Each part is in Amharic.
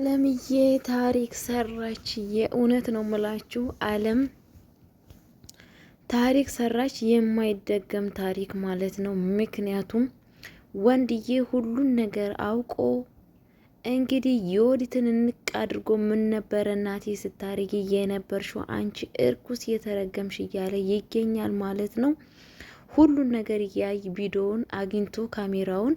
አለምዬ ታሪክ ሰራች። የእውነት ነው ምላችሁ አለም ታሪክ ሰራች፣ የማይደገም ታሪክ ማለት ነው። ምክንያቱም ወንድዬ ሁሉን ነገር አውቆ እንግዲህ የወዲትን እንቅ አድርጎ ምን ነበረ እናቴ ስታረጊ የነበርሽው አንቺ እርኩስ የተረገምሽ እያለ ይገኛል ማለት ነው። ሁሉን ነገር እያይ ቪዲዮውን አግኝቶ ካሜራውን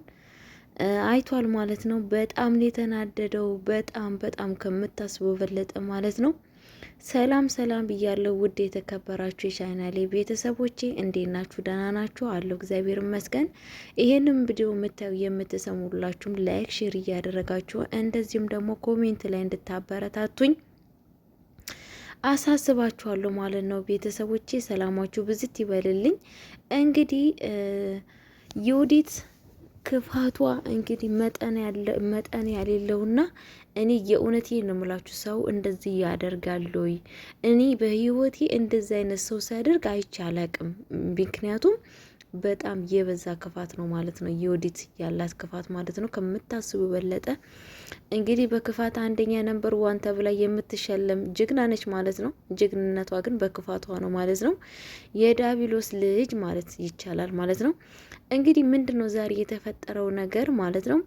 አይቷል ማለት ነው። በጣም የተናደደው በጣም በጣም ከምታስበው በለጠ ማለት ነው። ሰላም ሰላም ብያለው ውድ የተከበራችሁ የቻናሌ ቤተሰቦቼ እንዴት ናችሁ? ደህና ናችሁ? አለሁ እግዚአብሔር ይመስገን። ይህንም ቪዲዮ የምታዩ የምትሰሙላችሁም ላይክ፣ ሼር እያደረጋችሁ እንደዚሁም ደግሞ ኮሜንት ላይ እንድታበረታቱኝ አሳስባችኋለሁ ማለት ነው። ቤተሰቦቼ ሰላማችሁ ብዝት ይበልልኝ። እንግዲህ ዩዲት ክፋቷ እንግዲህ መጠን ያሌለውና እኔ የእውነቴ ነው የምላችሁ ሰው እንደዚህ ያደርጋል ወይ? እኔ በህይወቴ እንደዚህ አይነት ሰው ሲያደርግ አይቼ አላቅም። ምክንያቱም በጣም የበዛ ክፋት ነው ማለት ነው። የወዲት ያላት ክፋት ማለት ነው ከምታስቡ በለጠ። እንግዲህ በክፋት አንደኛ ነበር ዋን ተብላ የምትሸለም ጀግና ነች ማለት ነው። ጀግንነቷ ግን በክፋቷ ነው ማለት ነው። የዳቢሎስ ልጅ ማለት ይቻላል ማለት ነው። እንግዲህ ምንድን ነው ዛሬ የተፈጠረው ነገር ማለት ነው።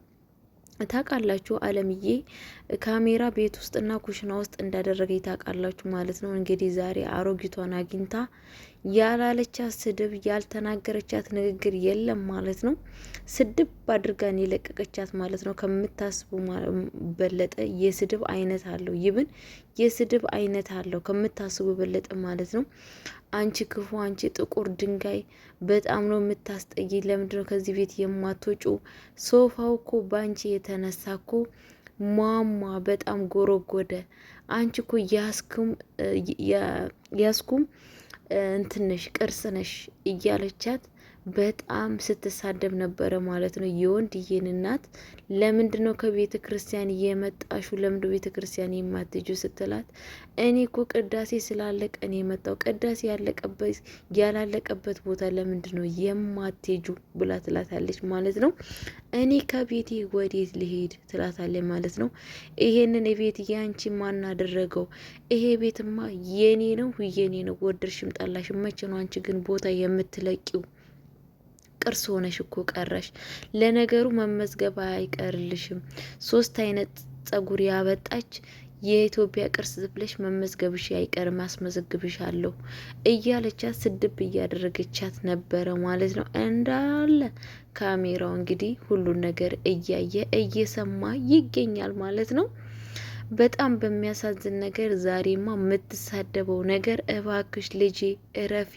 ታውቃላችሁ አለምዬ ካሜራ ቤት ውስጥና ኩሽና ውስጥ እንዳደረገ ታውቃላችሁ ማለት ነው። እንግዲህ ዛሬ አሮጊቷን አግኝታ ያላለቻት ስድብ ያልተናገረቻት ንግግር የለም ማለት ነው። ስድብ አድርጋን የለቀቀቻት ማለት ነው። ከምታስቡ በለጠ የስድብ አይነት አለው። ይብን የስድብ አይነት አለው ከምታስቡ በለጠ ማለት ነው። አንቺ ክፉ፣ አንቺ ጥቁር ድንጋይ፣ በጣም ነው የምታስጠይ። ለምንድን ነው ከዚህ ቤት የማትወጩ? ሶፋው እኮ በአንቺ የተነሳ እኮ ሟሟ በጣም ጎረጎደ። አንቺ እኮ ያስኩም እንትንሽ ቅርስ ነሽ እያለቻት በጣም ስትሳደብ ነበረ ማለት ነው። የወንድዬን እናት ለምንድን ነው ከቤተ ክርስቲያን የመጣሹ? ለምንድ ቤተ ክርስቲያን የማትጁ ስትላት እኔ እኮ ቅዳሴ ስላለቀ እኔ የመጣው። ቅዳሴ ያለቀበት ያላለቀበት ቦታ ለምንድ ነው የማትጁ? ብላ ትላታለች ማለት ነው። እኔ ከቤቴ ወዴት ልሄድ? ትላታለች ማለት ነው። ይሄንን ቤት ያንቺ ማናደረገው? ይሄ ቤትማ የኔ ነው የኔ ነው። ወደድሽም ጠላሽ መቼ ነው አንቺ ግን ቦታ የምትለቂው? ቅርስ ሆነሽ እኮ ቀረሽ። ለነገሩ መመዝገብ አይቀርልሽም። ሶስት አይነት ጸጉር ያበጣች የኢትዮጵያ ቅርስ ዝብለሽ መመዝገብሽ አይቀርም፣ አስመዘግብሻለሁ እያለቻት ስድብ እያደረገቻት ነበረ ማለት ነው። እንዳለ ካሜራው እንግዲህ ሁሉን ነገር እያየ እየሰማ ይገኛል ማለት ነው። በጣም በሚያሳዝን ነገር ዛሬማ የምትሳደበው ነገር እባክሽ ልጄ እረፊ፣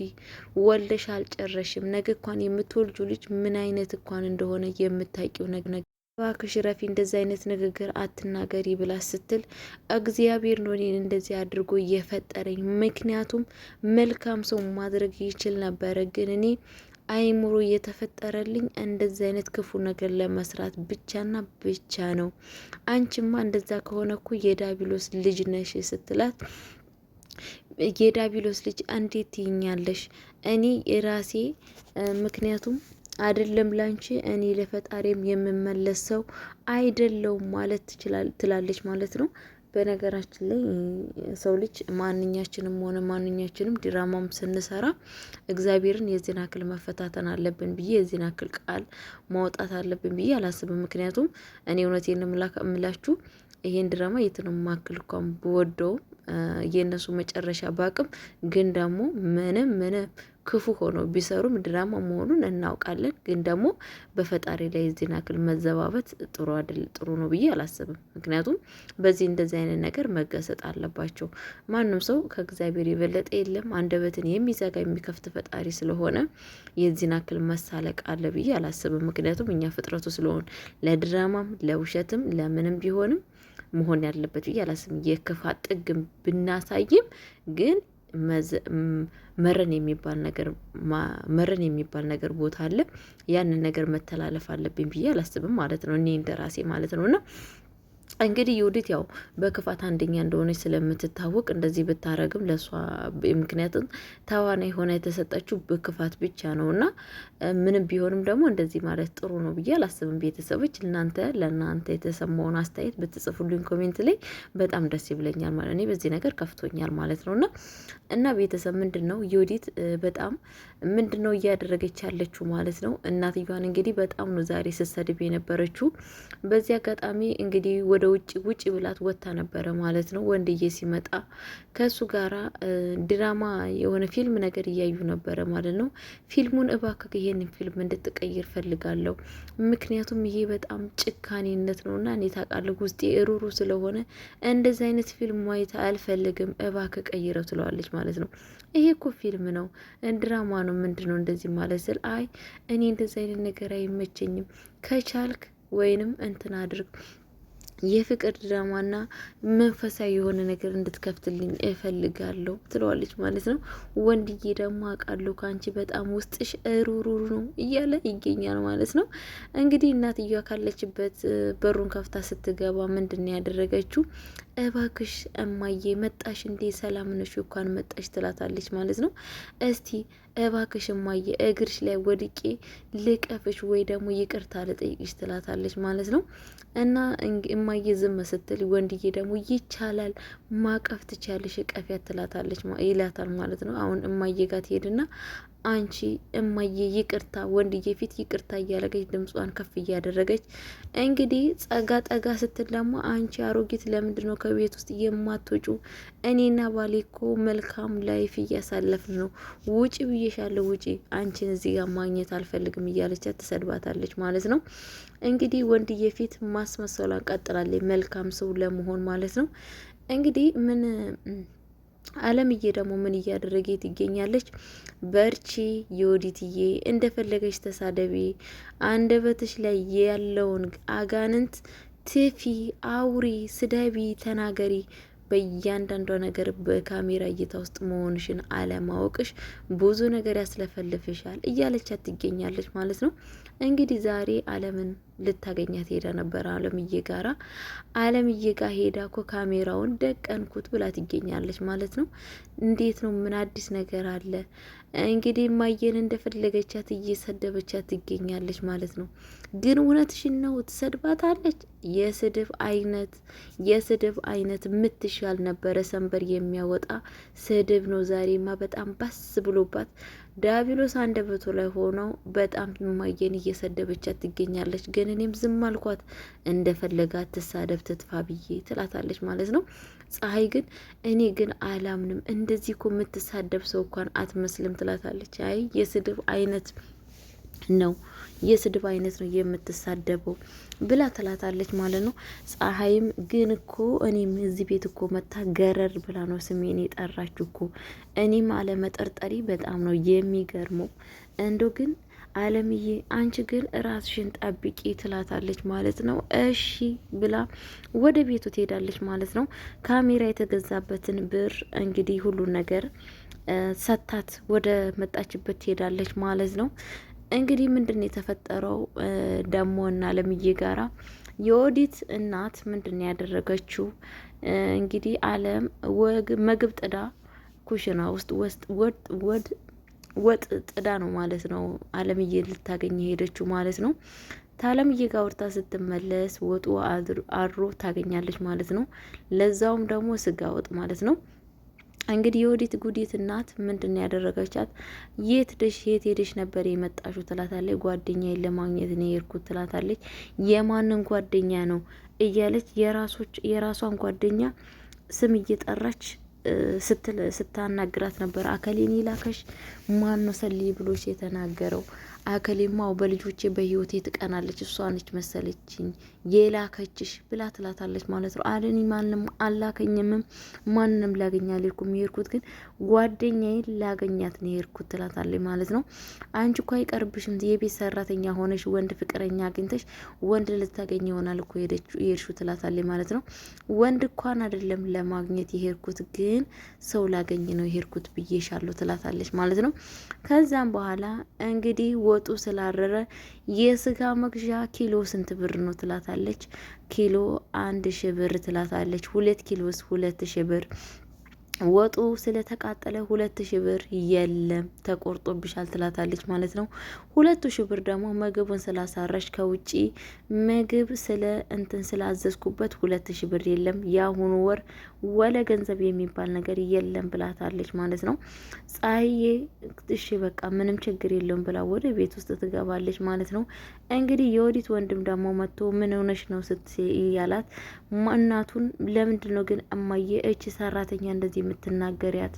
ወልደሽ አልጨረሽም። ነገ እንኳን የምትወልጁ ልጅ ምን አይነት እንኳን እንደሆነ የምታውቂው ነገር እባክሽ ረፊ እንደዚህ አይነት ንግግር አትናገሪ ብላ ስትል እግዚአብሔር ነው እኔን እንደዚህ አድርጎ እየፈጠረኝ ምክንያቱም መልካም ሰው ማድረግ ይችል ነበረ፣ ግን እኔ አይምሮ እየተፈጠረልኝ እንደዚህ አይነት ክፉ ነገር ለመስራት ብቻና ብቻ ነው። አንቺማ እንደዛ ከሆነ እኮ የዳቢሎስ ልጅ ነሽ ስትላት የዳቢሎስ ልጅ እንዴት ትይኛለሽ? እኔ የራሴ ምክንያቱም አይደለም ላንቺ እኔ ለፈጣሪም የምመለስ ሰው አይደለውም ማለት ትላለች ማለት ነው። በነገራችን ላይ ሰው ልጅ ማንኛችንም ሆነ ማንኛችንም ድራማም ስንሰራ እግዚአብሔርን የዚህን አክል መፈታተን አለብን ብዬ የዚህን አክል ቃል ማውጣት አለብን ብዬ አላስብም። ምክንያቱም እኔ እውነቴን ምላችሁ ይሄን ድራማ የትንም ማክል እንኳን ብወደውም የእነሱ መጨረሻ ባቅም ግን ደግሞ ምንም ምንም ክፉ ሆኖ ቢሰሩም ድራማ መሆኑን እናውቃለን። ግን ደግሞ በፈጣሪ ላይ ዜና ክል መዘባበት ጥሩ አይደል፣ ጥሩ ነው ብዬ አላስብም። ምክንያቱም በዚህ እንደዚህ አይነት ነገር መገሰጥ አለባቸው። ማንም ሰው ከእግዚአብሔር የበለጠ የለም። አንደበትን የሚዘጋ የሚከፍት ፈጣሪ ስለሆነ የዜና ክል መሳለቅ አለ ብዬ አላስብም። ምክንያቱም እኛ ፍጥረቱ ስለሆን ለድራማም ለውሸትም ለምንም ቢሆንም መሆን ያለበት ብዬ አላስብም። የክፋት ጥግም ብናሳይም ግን መረን የሚባል ነገር መረን የሚባል ነገር ቦታ አለ። ያንን ነገር መተላለፍ አለብኝ ብዬ አላስብም ማለት ነው እኔ እንደራሴ ማለት ነው እና እንግዲህ ዩዲት ያው በክፋት አንደኛ እንደሆነች ስለምትታወቅ እንደዚህ ብታረግም ለእሷ ምክንያቱም ተዋናይ የሆነ የተሰጠችው በክፋት ብቻ ነው እና ምንም ቢሆንም ደግሞ እንደዚህ ማለት ጥሩ ነው ብዬ አላስብም። ቤተሰቦች እናንተ ለእናንተ የተሰማውን አስተያየት ብትጽፉልኝ ኮሜንት ላይ በጣም ደስ ይብለኛል ማለት እኔ በዚህ ነገር ከፍቶኛል ማለት ነው እና እና ቤተሰብ ምንድን ነው ዩዲት በጣም ምንድን ነው እያደረገች ያለችው ማለት ነው። እናትየዋን እንግዲህ በጣም ነው ዛሬ ስትሰድብ የነበረችው። በዚህ አጋጣሚ እንግዲህ ወደ ውጭ ውጭ ብላት ወጥታ ነበረ ማለት ነው። ወንድዬ ሲመጣ ከእሱ ጋራ ድራማ የሆነ ፊልም ነገር እያዩ ነበረ ማለት ነው። ፊልሙን እባክህ ይሄንን ፊልም እንድትቀይር ፈልጋለሁ፣ ምክንያቱም ይሄ በጣም ጭካኔነት ነው እና እኔ ውስጤ እሩሩ ስለሆነ እንደዚህ አይነት ፊልም ማየት አልፈልግም፣ እባክህ ቀይረው ትለዋለች ማለት ነው። ይሄ እኮ ፊልም ነው ድራማ ነው ምንድን ነው እንደዚህ ማለት ስል፣ አይ እኔ እንደዚህ አይነት ነገር አይመቸኝም፣ ከቻልክ ወይንም እንትን አድርግ የፍቅር ድራማና መንፈሳዊ የሆነ ነገር እንድትከፍትልኝ እፈልጋለሁ ትለዋለች ማለት ነው። ወንድዬ ደግሞ አውቃለሁ ከአንቺ በጣም ውስጥሽ ሩሩሩ ነው እያለ ይገኛል ማለት ነው። እንግዲህ እናትየዋ ካለችበት በሩን ከፍታ ስትገባ ምንድን ያደረገችው? እባክሽ እማዬ መጣሽ እንዴ? ሰላም ነሽ? እንኳን መጣሽ ትላታለች ማለት ነው። እስቲ እባክሽ እማዬ እግርሽ ላይ ወድቄ ልቀፍሽ ወይ ደግሞ ይቅርታ ልጠይቅሽ ትላታለች ማለት ነው። እና እማዬ ዝም ስትል ወንድዬ ደግሞ ይቻላል ማቀፍ ትቻለሽ፣ እቀፊያት ትላታለች ይላታል ማለት ነው። አሁን እማዬ ጋር ትሄድና አንቺ እማዬ ይቅርታ፣ ወንድዬ ፊት ይቅርታ እያደረገች ድምጿን ከፍ እያደረገች እንግዲህ ጸጋ ጠጋ ስትል ደግሞ አንቺ አሮጊት ለምንድን ነው ከቤት ውስጥ የማትወጩ? እኔና ባሌኮ መልካም ላይፍ እያሳለፍን ነው። ውጪ ብዬሻለሁ፣ ውጪ። አንቺን እዚህ ጋር ማግኘት አልፈልግም እያለች ትሰድባታለች ማለት ነው። እንግዲህ ወንድዬ ፊት ማስመሰሏን ቀጥላለች፣ መልካም ሰው ለመሆን ማለት ነው። እንግዲህ ምን አለምዬ ደግሞ ምን እያደረገ ትገኛለች? በርቺ የወዲትዬ እንደፈለገች ተሳደቢ፣ አንደበትሽ ላይ ያለውን አጋንንት ትፊ፣ አውሪ፣ ስደቢ፣ ተናገሪ። በእያንዳንዷ ነገር በካሜራ እይታ ውስጥ መሆንሽን አለማወቅሽ ብዙ ነገር ያስለፈልፍሻል እያለቻት ትገኛለች ማለት ነው። እንግዲህ ዛሬ አለምን ልታገኛት ሄዳ ነበር። አለምዬ ጋራ አለምዬ ጋር ሄዳ ኮ ካሜራውን ደቀንኩት ብላ ትገኛለች ማለት ነው። እንዴት ነው? ምን አዲስ ነገር አለ? እንግዲህ ማየን እንደፈለገቻት እየሰደበቻት ትገኛለች ማለት ነው። ግን እውነትሽን ነው ትሰድባታለች። የስድብ አይነት የስድብ አይነት ምትሻል ነበረ ሰንበር የሚያወጣ ስድብ ነው። ዛሬማ በጣም ባስ ብሎባት ዲያብሎስ አንደበቱ ላይ ሆነው በጣም እማዬን እየሰደበቻት ትገኛለች። ግን እኔም ዝም አልኳት፣ እንደፈለጋት ትሳደብ ትጥፋ ብዬ ትላታለች ማለት ነው። ፀሐይ ግን እኔ ግን አላምንም፣ እንደዚህ እኮ የምትሳደብ ሰው እንኳን አትመስልም ትላታለች። አይ የስድብ አይነት ነው የስድብ አይነት ነው የምትሳደበው ብላ ትላታለች ማለት ነው። ፀሐይም ግን እኮ እኔም እዚህ ቤት እኮ መታ ገረር ብላ ነው ስሜን የጠራች እኮ እኔም አለመጠርጠሪ በጣም ነው የሚገርመው። እንዶ ግን አለምዬ አንቺ ግን ራስሽን ጠብቂ ትላታለች ማለት ነው። እሺ ብላ ወደ ቤቱ ትሄዳለች ማለት ነው። ካሜራ የተገዛበትን ብር እንግዲህ ሁሉን ነገር ሰታት ወደ መጣችበት ትሄዳለች ማለት ነው። እንግዲህ ምንድን ነው የተፈጠረው? ደሞ እና ለምዬ ጋራ የወዲት እናት ምንድን ነው ያደረገችው? እንግዲህ አለም ምግብ ጥዳ ኩሽና ውስጥ ወስጥ ወጥ ወድ ወጥ ጥዳ ነው ማለት ነው። አለምዬ ልታገኝ ሄደችው ማለት ነው። ታለምዬ ጋር ወርታ ስትመለስ ወጡ አድሮ ታገኛለች ማለት ነው። ለዛውም ደግሞ ስጋ ወጥ ማለት ነው። እንግዲህ የወዲት ጉዲት እናት ምንድን ያደረገቻት? የት ደሽ የት ሄደሽ ነበር የመጣሹ? ትላታለች። ጓደኛዬን ለማግኘት ነው የሄድኩት ትላታለች። የማንን ጓደኛ ነው እያለች የራሶች የራሷን ጓደኛ ስም እየጠራች ስትል ስታናግራት ነበር። አከሌን ይላከሽ ማን ነው ሰሊ ብሎች የተናገረው አከሌማው በልጆቼ በህይወቴ ትቀናለች እሷ ነች መሰለችኝ የላከችሽ ብላ ትላታለች ማለት ነው። አለኒ ማንም አላከኝምም ማንም ላገኛ አልሄድኩም የሄድኩት ግን ጓደኛዬን ላገኛት ነው የሄድኩት ትላታለች ማለት ነው። አንቺ እኮ አይቀርብሽም የቤት ሰራተኛ ሆነሽ ወንድ ፍቅረኛ አግኝተሽ ወንድ ልታገኝ ይሆናል እኮ የሄድሹ ትላታለች ማለት ነው። ወንድ እንኳን አይደለም ለማግኘት የሄድኩት ግን ሰው ላገኝ ነው የሄድኩት ብዬሻለሁ ትላታለች ማለት ነው። ከዛም በኋላ እንግዲህ ወጡ ስላረረ የስጋ መግዣ ኪሎ ስንት ብር ነው ትላታለች። ኪሎ አንድ ሺ ብር ትላታለች። ሁለት ኪሎስ ሁለት ሺ ብር ወጡ ስለተቃጠለ ሁለት ሺ ብር የለም ተቆርጦብሻል ትላታለች ማለት ነው። ሁለቱ ሺ ብር ደግሞ ምግቡን ስላሳረሽ ከውጪ ምግብ ስለ እንትን ስላዘዝኩበት ሁለት ሺ ብር የለም የአሁኑ ወር ወለ ገንዘብ የሚባል ነገር የለም ብላታለች ማለት ነው። ፀሐዬ እሺ በቃ ምንም ችግር የለውም ብላ ወደ ቤት ውስጥ ትገባለች ማለት ነው። እንግዲህ የወዲት ወንድም ደግሞ መጥቶ ምን ሆነሽ ነው ስት ያላት እናቱን ለምንድን ነው ግን እማዬ እች ሰራተኛ እንደዚህ የምትናገሪያት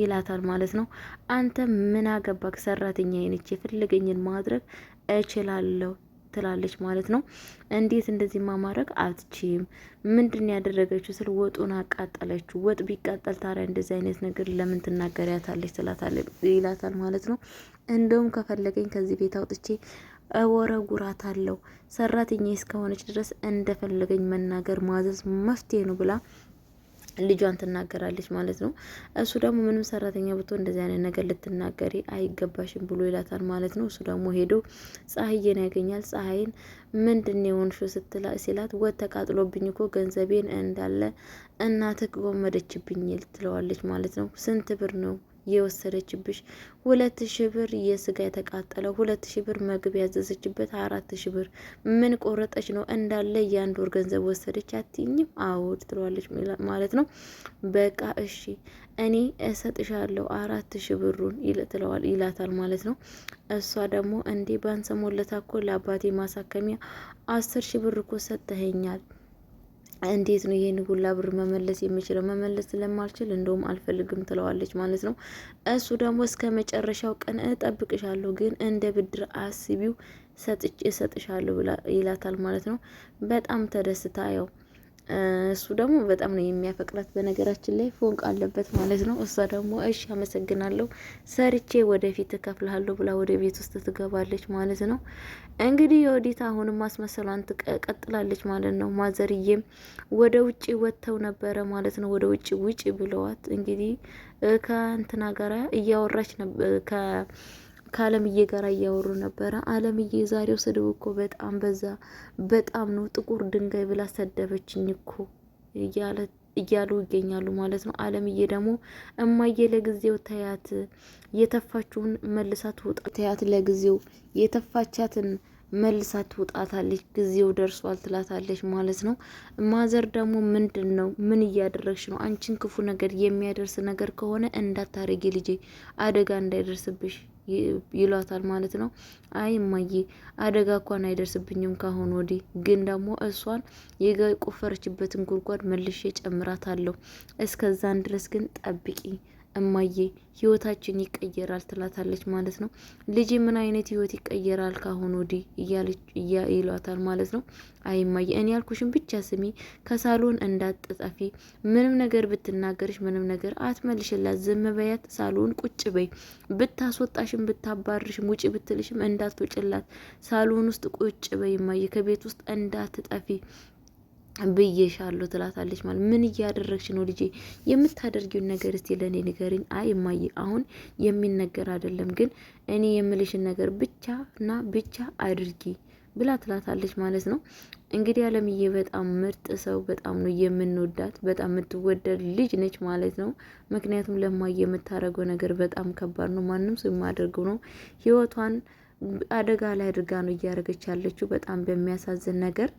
ይላታል ማለት ነው። አንተ ምን አገባክ? ሰራተኛ አይነች የፈለገኝን ማድረግ እችላለሁ ትላለች ማለት ነው። እንዴት እንደዚህ ማማረግ አትችም? ምንድን ያደረገችው ስል ወጡን አቃጠለች። ወጥ ቢቃጠል ታሪያ እንደዚህ አይነት ነገር ለምን ትናገሪያታለች? ይላታል ማለት ነው። እንደውም ከፈለገኝ ከዚህ ቤት አውጥቼ ጉራት አለው ሰራተኛ እስከሆነች ድረስ እንደፈለገኝ መናገር ማዘዝ መፍትሄ ነው ብላ ልጇን ትናገራለች ማለት ነው። እሱ ደግሞ ምንም ሰራተኛ ብቶ እንደዚህ አይነት ነገር ልትናገሪ አይገባሽም ብሎ ይላታል ማለት ነው። እሱ ደግሞ ሄዶ ፀሐይን ያገኛል። ፀሐይን ምንድን የሆንሽው ሲላት ወጥ ተቃጥሎብኝ እኮ ገንዘቤን እንዳለ እናትህ ጎመደችብኝ ትለዋለች ማለት ነው። ስንት ብር ነው የወሰደችብሽ ሁለት ሺ ብር የስጋ የተቃጠለው ሁለት ሺ ብር መግብ ያዘዘችበት አራት ሺ ብር ምን ቆረጠች ነው እንዳለ የአንድ ወር ገንዘብ ወሰደች አትኝም? አዎድ ትለዋለች ማለት ነው። በቃ እሺ እኔ እሰጥሻለሁ አራት ሺ ብሩን ይለትለዋል ይላታል ማለት ነው። እሷ ደግሞ እንዴ ባንሰሞለታ እኮ ለአባቴ ማሳከሚያ አስር ሺ ብር እኮ ሰጥተኸኛል እንዴት ነው ይሄን ሁላ ብር መመለስ የምችለው? መመለስ ስለማልችል እንደውም አልፈልግም ትለዋለች ማለት ነው። እሱ ደግሞ እስከ መጨረሻው ቀን እጠብቅሻለሁ፣ ግን እንደ ብድር አስቢው፣ እሰጥሻለሁ ይላታል ማለት ነው። በጣም ተደስታ ያው እሱ ደግሞ በጣም ነው የሚያፈቅራት። በነገራችን ላይ ፎንቅ አለበት ማለት ነው። እሷ ደግሞ እሺ አመሰግናለሁ፣ ሰርቼ ወደፊት እከፍልሃለሁ ብላ ወደ ቤት ውስጥ ትገባለች ማለት ነው። እንግዲህ የወዲት አሁንም ማስመሰሏን ትቀጥላለች ማለት ነው። ማዘርዬም ወደ ውጭ ወጥተው ነበረ ማለት ነው። ወደ ውጭ ውጭ ብለዋት እንግዲህ ከእንትና ጋራ እያወራች ከ ከአለምዬ ጋር እያወሩ ነበረ። አለምዬ ዛሬው ስድብ እኮ በጣም በዛ፣ በጣም ነው ጥቁር ድንጋይ ብላ ሰደበችኝ እኮ እያሉ ይገኛሉ ማለት ነው። አለምዬ ደግሞ እማዬ ለጊዜው ተያት፣ የተፋችውን መልሳት ውጣ፣ ተያት ለጊዜው የተፋቻትን መልሳ ትውጣታለች። ጊዜው ደርሷል ትላታለች ማለት ነው። ማዘር ደግሞ ምንድን ነው ምን እያደረግሽ ነው? አንቺን ክፉ ነገር የሚያደርስ ነገር ከሆነ እንዳታረጊ ልጄ፣ አደጋ እንዳይደርስብሽ ይሏታል ማለት ነው። አይ እማዬ፣ አደጋ እንኳን አይደርስብኝም ካሁን ወዲህ ግን ደግሞ እሷን የቆፈረችበትን ጉድጓድ መልሼ ጨምራታለሁ። እስከዛን ድረስ ግን ጠብቂ እማዬ ህይወታችን ይቀየራል ትላታለች ማለት ነው። ልጅ ምን አይነት ህይወት ይቀየራል ካሁን ወዲህ ይሏታል ማለት ነው። አይ እማዬ እኔ ያልኩሽን ብቻ ስሚ፣ ከሳሎን እንዳትጠፊ። ምንም ነገር ብትናገርሽ ምንም ነገር አትመልሽላት፣ ዝም በያት፣ ሳሎን ቁጭ በይ። ብታስወጣሽም ብታባርሽም ውጭ ብትልሽም እንዳትወጭላት፣ ሳሎን ውስጥ ቁጭ በይ እማዬ፣ ከቤት ውስጥ እንዳትጠፊ ብዬሻለሁ ትላታለች። ማለት ምን እያደረግሽ ነው ልጄ? የምታደርጊውን ነገር እስቲ ለእኔ ንገርኝ። አይ እማዬ፣ አሁን የሚነገር አይደለም፣ ግን እኔ የምልሽን ነገር ብቻና ብቻ አድርጊ ብላ ትላታለች ማለት ነው። እንግዲህ አለምዬ በጣም ምርጥ ሰው፣ በጣም ነው የምንወዳት፣ በጣም የምትወደድ ልጅ ነች ማለት ነው። ምክንያቱም ለማየ የምታደርገው ነገር በጣም ከባድ ነው። ማንም ሰው የማያደርገው ነው። ህይወቷን አደጋ ላይ አድርጋ ነው እያደረገች ያለችው በጣም በሚያሳዝን ነገር